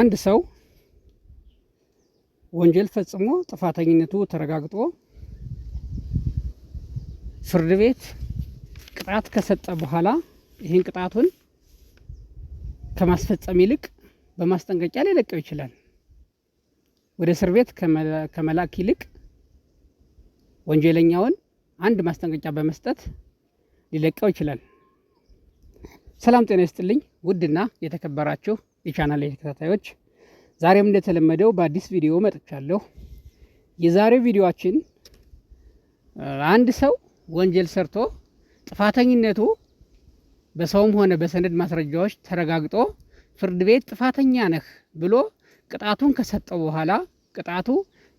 አንድ ሰው ወንጀል ፈጽሞ ጥፋተኝነቱ ተረጋግጦ ፍርድ ቤት ቅጣት ከሰጠ በኋላ ይህን ቅጣቱን ከማስፈጸም ይልቅ በማስጠንቀቂያ ሊለቀው ይችላል። ወደ እስር ቤት ከመላክ ይልቅ ወንጀለኛውን አንድ ማስጠንቀቂያ በመስጠት ሊለቀው ይችላል። ሰላም ጤና ይስጥልኝ። ውድና የተከበራችሁ የቻናል ተከታታዮች ዛሬም እንደተለመደው በአዲስ ቪዲዮ መጥቻለሁ። የዛሬው ቪዲዮአችን አንድ ሰው ወንጀል ሰርቶ ጥፋተኝነቱ በሰውም ሆነ በሰነድ ማስረጃዎች ተረጋግጦ ፍርድ ቤት ጥፋተኛ ነህ ብሎ ቅጣቱን ከሰጠው በኋላ ቅጣቱ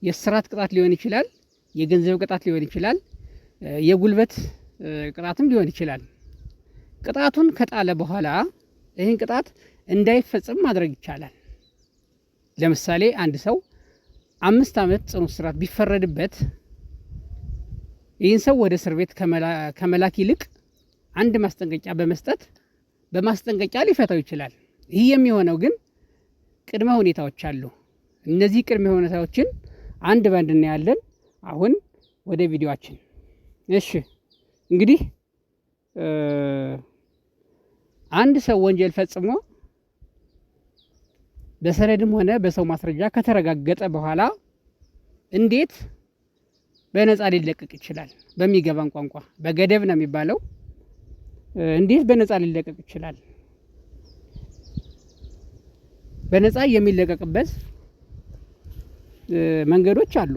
የእስራት ቅጣት ሊሆን ይችላል፣ የገንዘብ ቅጣት ሊሆን ይችላል፣ የጉልበት ቅጣትም ሊሆን ይችላል። ቅጣቱን ከጣለ በኋላ ይህን ቅጣት እንዳይፈጽም ማድረግ ይቻላል። ለምሳሌ አንድ ሰው አምስት ዓመት ጽኑ እስራት ቢፈረድበት ይህን ሰው ወደ እስር ቤት ከመላክ ይልቅ አንድ ማስጠንቀቂያ በመስጠት በማስጠንቀቂያ ሊፈታው ይችላል። ይህ የሚሆነው ግን ቅድመ ሁኔታዎች አሉ። እነዚህ ቅድመ ሁኔታዎችን አንድ ባንድ እናያለን። አሁን ወደ ቪዲዮችን። እሺ እንግዲህ አንድ ሰው ወንጀል ፈጽሞ በሰነድም ሆነ በሰው ማስረጃ ከተረጋገጠ በኋላ እንዴት በነፃ ሊለቀቅ ይችላል? በሚገባን ቋንቋ በገደብ ነው የሚባለው። እንዴት በነፃ ሊለቀቅ ይችላል? በነፃ የሚለቀቅበት መንገዶች አሉ።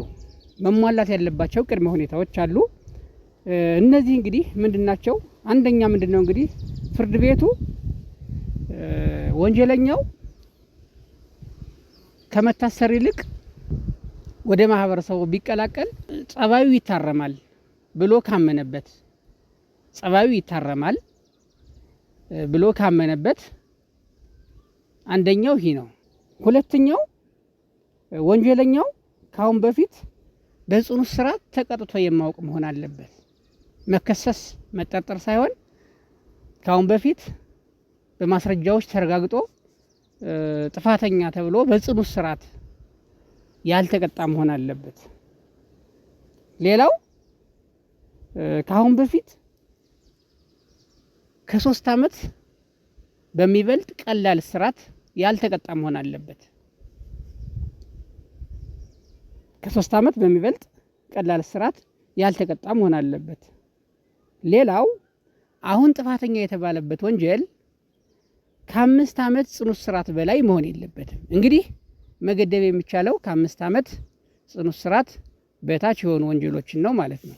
መሟላት ያለባቸው ቅድመ ሁኔታዎች አሉ። እነዚህ እንግዲህ ምንድናቸው? አንደኛ ምንድን ነው እንግዲህ ፍርድ ቤቱ ወንጀለኛው ከመታሰር ይልቅ ወደ ማህበረሰቡ ቢቀላቀል ጸባዩ ይታረማል ብሎ ካመነበት ጸባዩ ይታረማል ብሎ ካመነበት አንደኛው ይህ ነው። ሁለተኛው ወንጀለኛው ካሁን በፊት በጽኑ እስራት ተቀጥቶ የማወቅ መሆን አለበት። መከሰስ መጠርጠር ሳይሆን ካሁን በፊት በማስረጃዎች ተረጋግጦ ጥፋተኛ ተብሎ በጽኑ እስራት ያልተቀጣ መሆን አለበት። ሌላው ከአሁን በፊት ከሶስት ዓመት በሚበልጥ ቀላል እስራት ያልተቀጣ መሆን አለበት። ከሶስት ዓመት በሚበልጥ ቀላል እስራት ያልተቀጣ መሆን አለበት። ሌላው አሁን ጥፋተኛ የተባለበት ወንጀል ከአምስት ዓመት ጽኑ እስራት በላይ መሆን የለበትም። እንግዲህ መገደብ የሚቻለው ከአምስት ዓመት ጽኑ እስራት በታች የሆኑ ወንጀሎችን ነው ማለት ነው።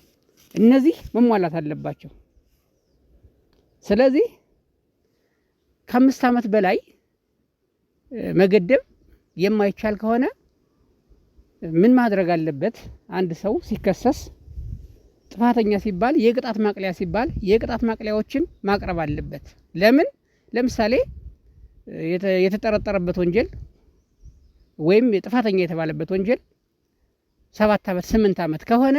እነዚህ መሟላት አለባቸው። ስለዚህ ከአምስት ዓመት በላይ መገደብ የማይቻል ከሆነ ምን ማድረግ አለበት? አንድ ሰው ሲከሰስ ጥፋተኛ ሲባል የቅጣት ማቅለያ ሲባል የቅጣት ማቅለያዎችን ማቅረብ አለበት። ለምን? ለምሳሌ የተጠረጠረበት ወንጀል ወይም ጥፋተኛ የተባለበት ወንጀል ሰባት ዓመት ስምንት ዓመት ከሆነ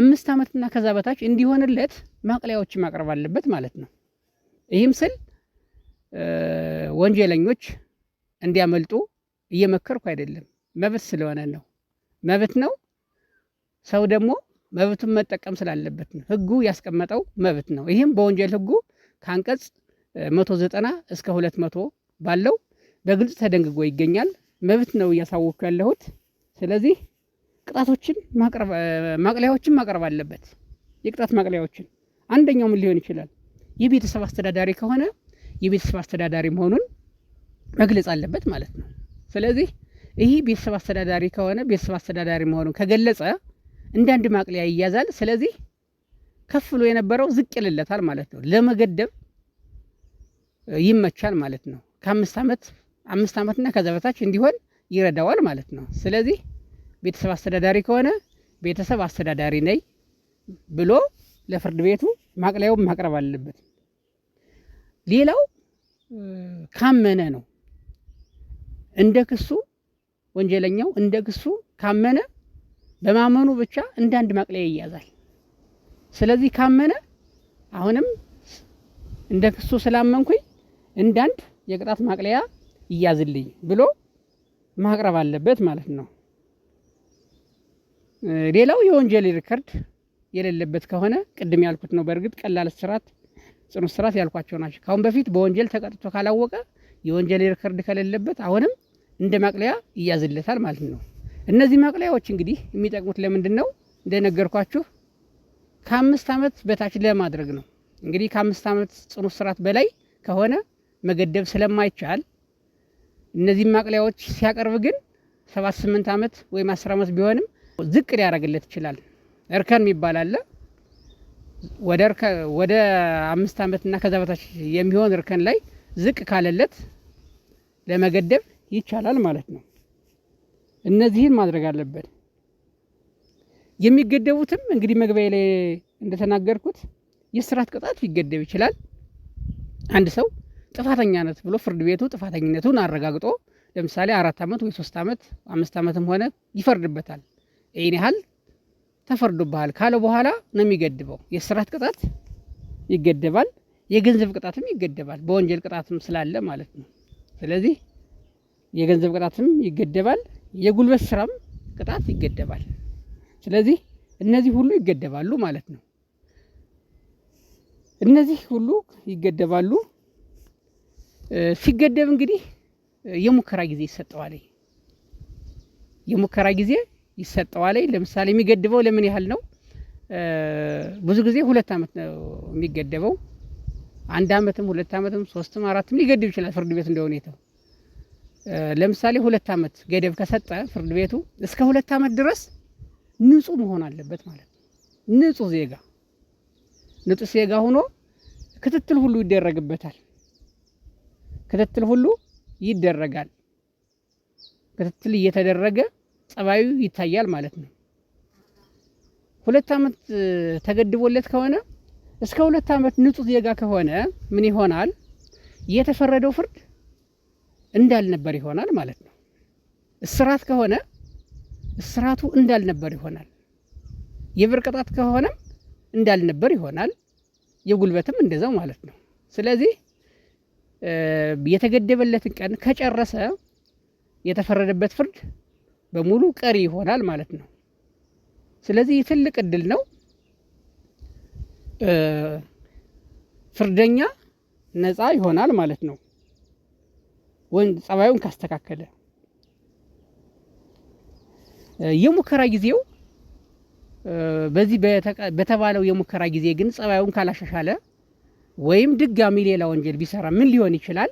አምስት ዓመትና ከዛ በታች እንዲሆንለት ማቅለያዎች ማቅረብ አለበት ማለት ነው። ይህም ስል ወንጀለኞች እንዲያመልጡ እየመከርኩ አይደለም። መብት ስለሆነ ነው። መብት ነው። ሰው ደግሞ መብቱን መጠቀም ስላለበት ነው። ህጉ ያስቀመጠው መብት ነው። ይህም በወንጀል ህጉ ከአንቀጽ መቶ ዘጠና እስከ ሁለት መቶ ባለው በግልጽ ተደንግጎ ይገኛል። መብት ነው እያሳወኩ ያለሁት። ስለዚህ ቅጣቶችን ማቅለያዎችን ማቅረብ አለበት። የቅጣት ማቅለያዎችን አንደኛው ምን ሊሆን ይችላል? የቤተሰብ አስተዳዳሪ ከሆነ የቤተሰብ አስተዳዳሪ መሆኑን መግለጽ አለበት ማለት ነው። ስለዚህ ይህ ቤተሰብ አስተዳዳሪ ከሆነ ቤተሰብ አስተዳዳሪ መሆኑን ከገለጸ እንዳንድ ማቅለያ ይያዛል። ስለዚህ ከፍሎ የነበረው ዝቅ ይልለታል ማለት ነው ለመገደብ ይመቻል ማለት ነው። ከአምስት ዓመት አምስት ዓመትና ከዛ በታች እንዲሆን ይረዳዋል ማለት ነው። ስለዚህ ቤተሰብ አስተዳዳሪ ከሆነ ቤተሰብ አስተዳዳሪ ነኝ ብሎ ለፍርድ ቤቱ ማቅለያው ማቅረብ አለበት። ሌላው ካመነ ነው። እንደ ክሱ ወንጀለኛው እንደ ክሱ ካመነ በማመኑ ብቻ እንደ አንድ ማቅለያ ይያዛል። ስለዚህ ካመነ አሁንም እንደ ክሱ ስላመንኩኝ እንዳንድ የቅጣት ማቅለያ ይያዝልኝ ብሎ ማቅረብ አለበት ማለት ነው። ሌላው የወንጀል ሪከርድ የሌለበት ከሆነ ቅድም ያልኩት ነው። በእርግጥ ቀላል እስራት፣ ጽኑ እስራት ያልኳቸው ናቸው። ካሁን በፊት በወንጀል ተቀጥቶ ካላወቀ የወንጀል ሪከርድ ከሌለበት አሁንም እንደ ማቅለያ ይያዝለታል ማለት ነው። እነዚህ ማቅለያዎች እንግዲህ የሚጠቅሙት ለምንድን ነው? እንደነገርኳችሁ ከአምስት ዓመት በታች ለማድረግ ነው። እንግዲህ ከአምስት ዓመት ጽኑ እስራት በላይ ከሆነ መገደብ ስለማይቻል እነዚህ ማቅለያዎች ሲያቀርብ ግን ሰባት ስምንት ዓመት ወይም አስር ዓመት ቢሆንም ዝቅ ሊያደርግለት ይችላል። እርከን የሚባል አለ። ወደ አምስት እና ከዛ በታች የሚሆን እርከን ላይ ዝቅ ካለለት ለመገደብ ይቻላል ማለት ነው። እነዚህን ማድረግ አለበት። የሚገደቡትም እንግዲህ መግቢያ ላይ እንደተናገርኩት የእስራት ቅጣት ሊገደብ ይችላል አንድ ሰው ጥፋተኛነት ብሎ ፍርድ ቤቱ ጥፋተኝነቱን አረጋግጦ ለምሳሌ አራት ዓመት ወይ ሶስት ዓመት አምስት ዓመትም ሆነ ይፈርድበታል። ይህን ያህል ተፈርዶብሃል ካለ በኋላ ነው የሚገድበው። የእስራት ቅጣት ይገደባል፣ የገንዘብ ቅጣትም ይገደባል። በወንጀል ቅጣትም ስላለ ማለት ነው። ስለዚህ የገንዘብ ቅጣትም ይገደባል፣ የጉልበት ስራም ቅጣት ይገደባል። ስለዚህ እነዚህ ሁሉ ይገደባሉ ማለት ነው። እነዚህ ሁሉ ይገደባሉ። ሲገደብ እንግዲህ የሙከራ ጊዜ ይሰጠዋል። የሙከራ ጊዜ ይሰጠዋል። ለምሳሌ የሚገድበው ለምን ያህል ነው? ብዙ ጊዜ ሁለት ዓመት ነው የሚገደበው። አንድ ዓመትም ሁለት ዓመትም ሶስትም አራትም ሊገድብ ይችላል ፍርድ ቤት እንደ ሁኔታው። ለምሳሌ ሁለት ዓመት ገደብ ከሰጠ ፍርድ ቤቱ እስከ ሁለት ዓመት ድረስ ንጹህ መሆን አለበት ማለት ነው። ንጹህ ዜጋ ንጹህ ዜጋ ሆኖ ክትትል ሁሉ ይደረግበታል። ክትትል ሁሉ ይደረጋል። ክትትል እየተደረገ ጸባዩ ይታያል ማለት ነው። ሁለት ዓመት ተገድቦለት ከሆነ እስከ ሁለት ዓመት ንጹህ ዜጋ ከሆነ ምን ይሆናል? የተፈረደው ፍርድ እንዳልነበር ይሆናል ማለት ነው። እስራት ከሆነ እስራቱ እንዳልነበር ይሆናል። የብር ቅጣት ከሆነም እንዳልነበር ይሆናል። የጉልበትም እንደዛው ማለት ነው። ስለዚህ የተገደበለትን ቀን ከጨረሰ የተፈረደበት ፍርድ በሙሉ ቀሪ ይሆናል ማለት ነው። ስለዚህ ትልቅ እድል ነው። ፍርደኛ ነፃ ይሆናል ማለት ነው። ወይም ጸባዩን ካስተካከለ የሙከራ ጊዜው በዚህ በተባለው የሙከራ ጊዜ ግን ጸባዩን ካላሻሻለ ወይም ድጋሚ ሌላ ወንጀል ቢሰራ ምን ሊሆን ይችላል?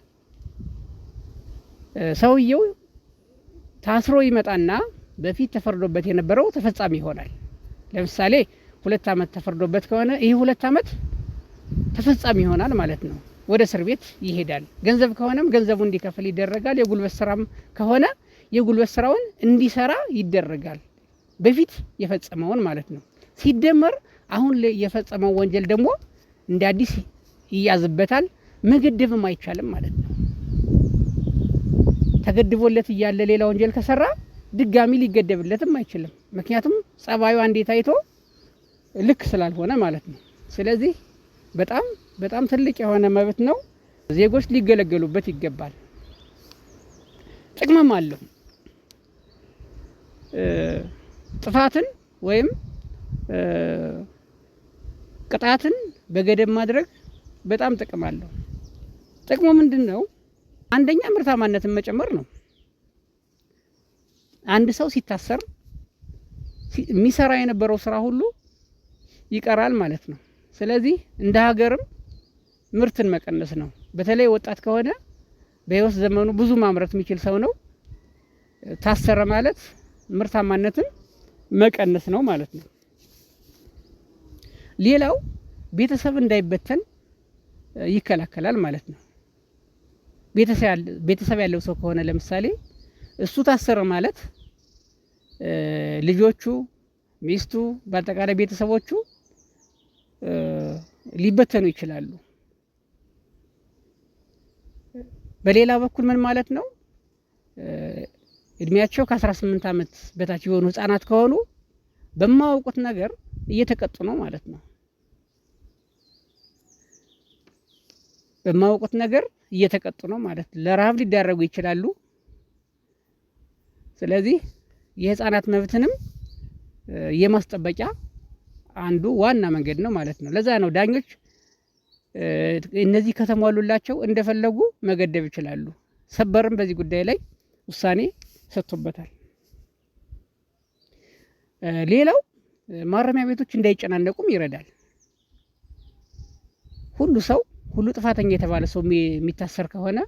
ሰውየው ታስሮ ይመጣና በፊት ተፈርዶበት የነበረው ተፈጻሚ ይሆናል። ለምሳሌ ሁለት ዓመት ተፈርዶበት ከሆነ ይህ ሁለት ዓመት ተፈጻሚ ይሆናል ማለት ነው። ወደ እስር ቤት ይሄዳል። ገንዘብ ከሆነም ገንዘቡ እንዲከፍል ይደረጋል። የጉልበት ስራም ከሆነ የጉልበት ስራውን እንዲሰራ ይደረጋል። በፊት የፈጸመውን ማለት ነው። ሲደመር አሁን የፈጸመው ወንጀል ደግሞ እንደ አዲስ ይያዝበታል። መገደብም አይቻልም ማለት ነው። ተገድቦለት እያለ ሌላ ወንጀል ከሰራ ድጋሚ ሊገደብለትም አይችልም። ምክንያቱም ጸባዩ አንዴ ታይቶ ልክ ስላልሆነ ማለት ነው። ስለዚህ በጣም በጣም ትልቅ የሆነ መብት ነው። ዜጎች ሊገለገሉበት ይገባል። ጥቅምም አለው። ጥፋትን ወይም ቅጣትን በገደብ ማድረግ በጣም ጥቅም አለው። ጥቅሙ ምንድን ነው? አንደኛ ምርታማነትን መጨመር ነው። አንድ ሰው ሲታሰር የሚሰራ የነበረው ስራ ሁሉ ይቀራል ማለት ነው። ስለዚህ እንደ ሀገርም ምርትን መቀነስ ነው። በተለይ ወጣት ከሆነ በህይወት ዘመኑ ብዙ ማምረት የሚችል ሰው ነው። ታሰረ ማለት ምርታማነትን መቀነስ ነው ማለት ነው። ሌላው ቤተሰብ እንዳይበተን ይከላከላል ማለት ነው። ቤተሰብ ያለው ሰው ከሆነ ለምሳሌ እሱ ታሰረ ማለት ልጆቹ፣ ሚስቱ፣ በአጠቃላይ ቤተሰቦቹ ሊበተኑ ይችላሉ። በሌላ በኩል ምን ማለት ነው? እድሜያቸው ከ18 ዓመት በታች የሆኑ ህጻናት ከሆኑ በማያውቁት ነገር እየተቀጡ ነው ማለት ነው። በማያውቁት ነገር እየተቀጡ ነው ማለት ነው። ለረሃብ ሊዳረጉ ይችላሉ። ስለዚህ የህፃናት መብትንም የማስጠበቂያ አንዱ ዋና መንገድ ነው ማለት ነው። ለዛ ነው ዳኞች እነዚህ ከተሟሉላቸው እንደፈለጉ መገደብ ይችላሉ። ሰበርም በዚህ ጉዳይ ላይ ውሳኔ ሰጥቶበታል። ሌላው ማረሚያ ቤቶች እንዳይጨናነቁም ይረዳል። ሁሉ ሰው ሁሉ ጥፋተኛ የተባለ ሰው የሚታሰር ከሆነ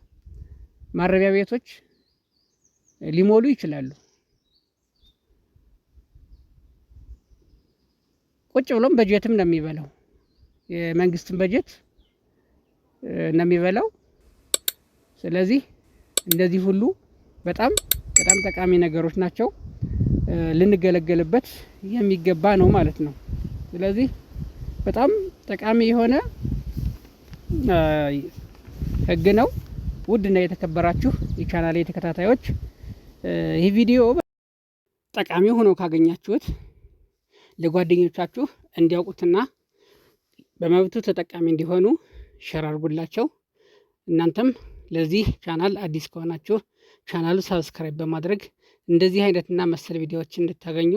ማረቢያ ቤቶች ሊሞሉ ይችላሉ። ቁጭ ብሎም በጀትም ነው የሚበላው፣ የመንግስትን በጀት ነው የሚበላው። ስለዚህ እንደዚህ ሁሉ በጣም በጣም ጠቃሚ ነገሮች ናቸው፣ ልንገለገልበት የሚገባ ነው ማለት ነው። ስለዚህ በጣም ጠቃሚ የሆነ ህግ ነው። ውድና የተከበራችሁ የቻናሌ ተከታታዮች ይህ ቪዲዮ ጠቃሚ ሆኖ ካገኛችሁት ለጓደኞቻችሁ እንዲያውቁትና በመብቱ ተጠቃሚ እንዲሆኑ ሸር አድርጉላቸው። እናንተም ለዚህ ቻናል አዲስ ከሆናችሁ ቻናሉ ሳብስክራይብ በማድረግ እንደዚህ አይነትና መሰል ቪዲዮዎችን እንድታገኙ